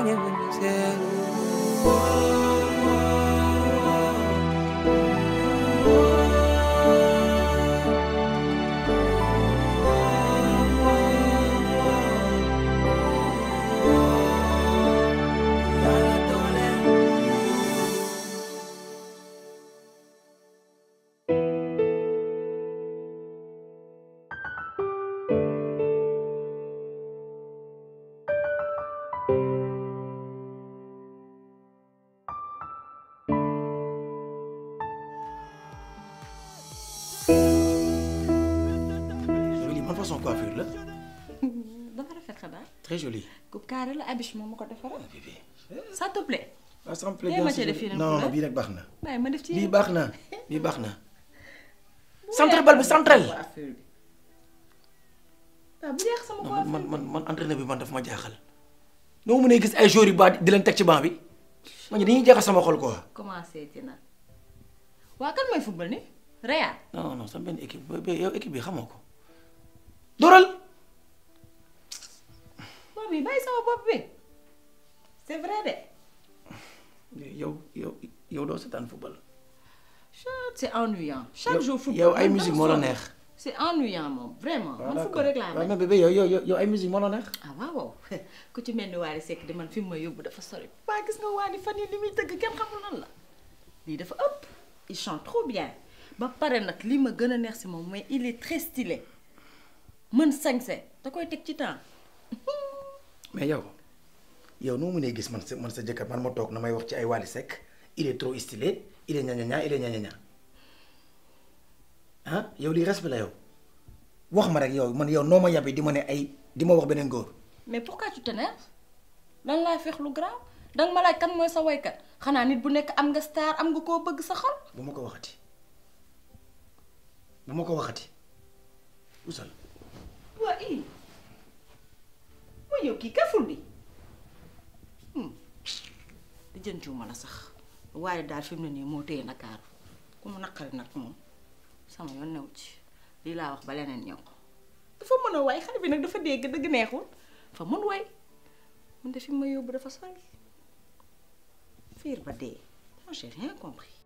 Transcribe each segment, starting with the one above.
años. Yeah. Prada. très joli. coupe carré la Abish moom ma ko defaral. Ah, ça te plaît. waaw ah, ça me plaît bii baax na. bàyyi ma def ci bii baax na bii baax na. central bal bi central. waaw ah, bu jeex sama coiffure man man man entraîneur bi man def ma jaaxal. noo mënee gis ay joueurs yu baax di leen teg ci banc bi. ma dañuy jaaxal sama xol ko commencé ci nag waa kan mooy football ni Real. non sama benn équipe ba yow équipe bi xamoo ko. dooral. bay sama bopp bi c'est vrai de. yow yow yow doo seetaan football. c'est ennuyant. chaque jour football yow ay musique moo la neex. c'est ennuyant moom vraiment. Ah, man football rek laa mais bébé yow yow yow ay musique moo la neex. ah waaw ku ci mel ni Waly Seck di man fi ma yóbbu dafa sori. waa gis nga Waly fan yi li muy tëgg kenn xamul nan la lii dafa ëpp il chante trop bien ba pare nag li ma gën a neex si moom mais il est très stylé mën sañse da koy teg ci temps. mais yow yow noo mënee gis man sa man sa jëkkër man ma toog na may wax ci ay Wally Seck il est trop stylé il est ñañaña il est ñañaña ah yow lii respect la yow wax ma rek yow man yow noo ma yàbbi di ma ne ay di ma wax beneen góor. mais pourquoi tu t'énerves lan laa feex lu grave danga ma laaj kan mooy sa woykat xanaa nit bu nekk am nga star am nga koo bëgg sa xol. bu ma ko waxati bu ma ko waxati usal. kii kaful bi hmm. di jën ma la sax waaye daal fi mu ne nii moo téye Ndakaaru ku mu naqari nag moom sama yoon new ci lii laa wax ba leneen ñëw dafa mën a xale bi nag dafa dégg dëgg neexul fa mën waay mun def fi ma yóbbu dafa sori fiir ba dee moi rien compris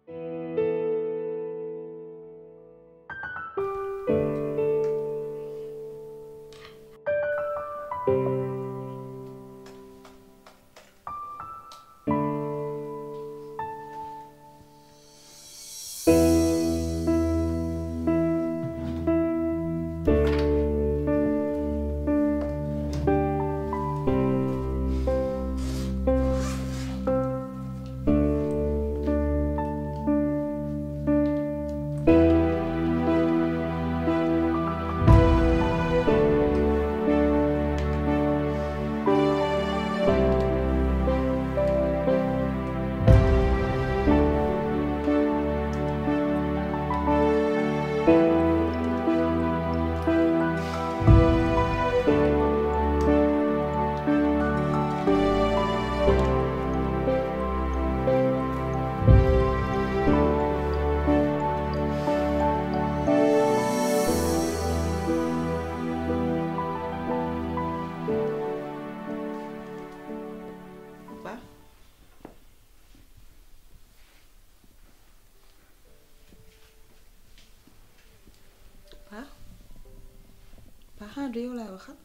door jou laten gaan.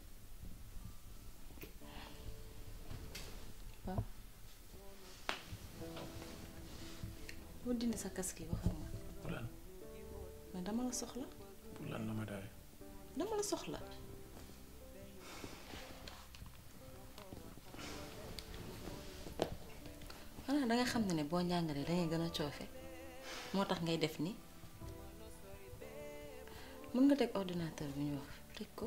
boo dindi sa casque yi waxal ma. pour lan. mais dama la soxla. Pulan lan la ma daay. dama la soxla. Ana da nga xamne ne bo boo da ngay gëna ciofé. Motax ngay def ni mën nga tek ordinateur bi ñu wax teg ko.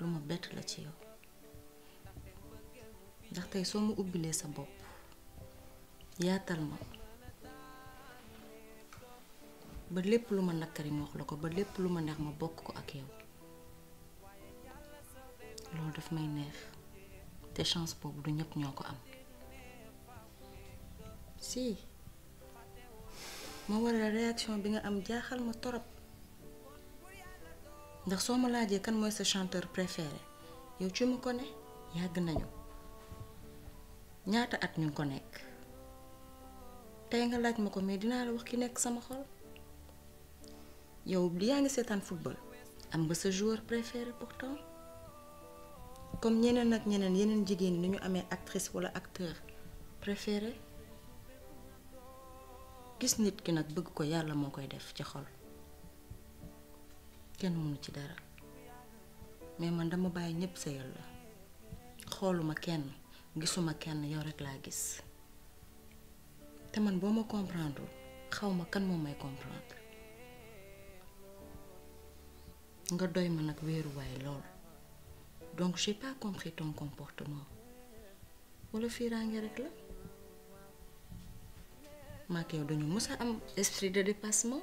lu ma bett la ci yow ndax tay so mu ubbilee sa bopp yaatal ma ba lepp lu ma nakkari ma wax la ba lepp lu ma neex ma bok ko ak yow loolu daf may neex té chance boobu du ñëpp ñoko am si mo war réaction bi nga am jaaxal ma torop ndax soo ma laajee kan mooy sa chanteur préféré yow ci ma ko ne yàgg nañu ñaata at ñu ngi ko nekk tey nga laaj ma ko mais dinaa la wax ki nekk sama xol yow yaa ngi seetaan football am nga sa jour préféré pourtant comme ñeneen ak ñeneen yeneen jigéen ñi ni ñu amee actrice walla acteur préféré gis nit ki nag bëgg ko yàlla moo koy def ci xol. kenn mënu ci dara mais man dama bàyyi ñëpp sa la xooluma kenn gisuma kenn yow rek laa gis te man boo ma comprendre xaw ma kan moo may comprendre nga doy ma nag wéeruwaay lool donc j'ai pas compris ton comportement wala fiiraange rek la maak yow dañu mës a am esprit de dépassement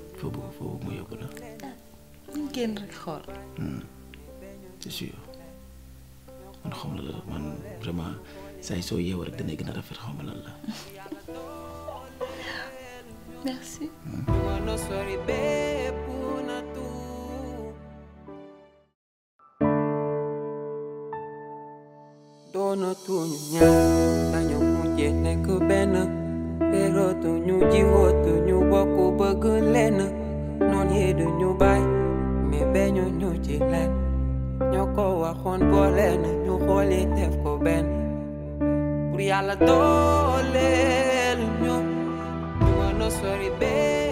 foo bëgg foo yóbbu la. ñu génn rek xool. Hmm. c'est sûr man xam la man vraiment soo yeewoo rek dana gën rafet xaw ma la. merci. Hmm. Pero tu nyu jiho tu nyu boku bagun lena Non ye du nyu bai Me be nyu nyu jilen Nyo ko wa khon bo lena Nyu kholi tef ko ben Uri ala dole lu nyu Nyu ano sorry ben